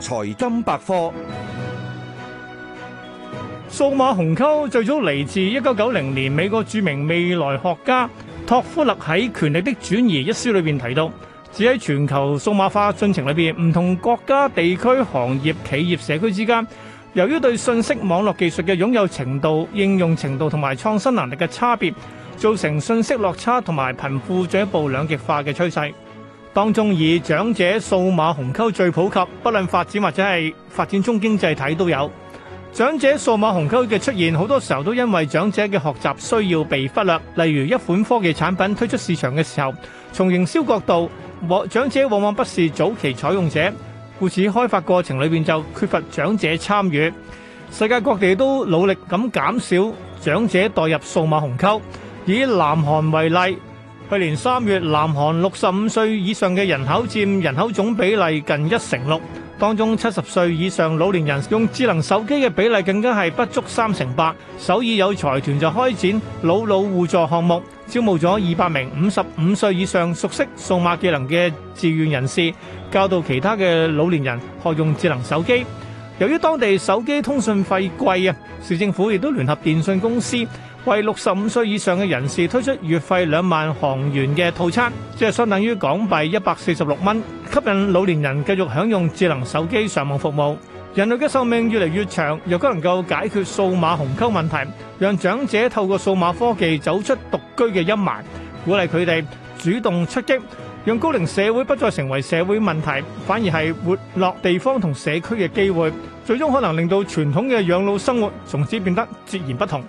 財金百科，數碼鴻溝最早嚟自一九九零年美國著名未來學家托夫勒喺《權力的轉移》一書裏邊提到，指喺全球數碼化進程裏邊，唔同國家、地區、行業、企業、社區之間，由於對信息網絡技術嘅擁有程度、應用程度同埋創新能力嘅差別，造成信息落差同埋貧富進一步兩極化嘅趨勢。當中以長者數碼鴻溝最普及，不論發展或者係發展中經濟體都有長者數碼鴻溝嘅出現。好多時候都因為長者嘅學習需要被忽略，例如一款科技產品推出市場嘅時候，從營銷角度，長者往往不是早期採用者，故此開發過程裏邊就缺乏長者參與。世界各地都努力咁減少長者代入數碼鴻溝，以南韓為例。去年3月,南韓65歲以上嘅人口佔人口總比例近一成六。當中70歲以上老年人用智能手機嘅比例更加係不足三成八。首爾有財團就開展老老互助項目,招募咗200名55歲以上熟悉數碼技能的志願人士,教導其他嘅老年人學用智能手機。由於當地手機通訊費貴啊,市政府亦都聯合電信公司,為六十五歲以上嘅人士推出月費兩萬韓元嘅套餐，即係相當於港幣一百四十六蚊，吸引老年人繼續享用智能手機上網服務。人類嘅壽命越嚟越長，若果能夠解決數碼鴻溝問題，讓長者透過數碼科技走出獨居嘅陰霾，鼓勵佢哋主動出擊，讓高齡社會不再成為社會問題，反而係活落地方同社區嘅機會，最終可能令到傳統嘅養老生活從此變得截然不同。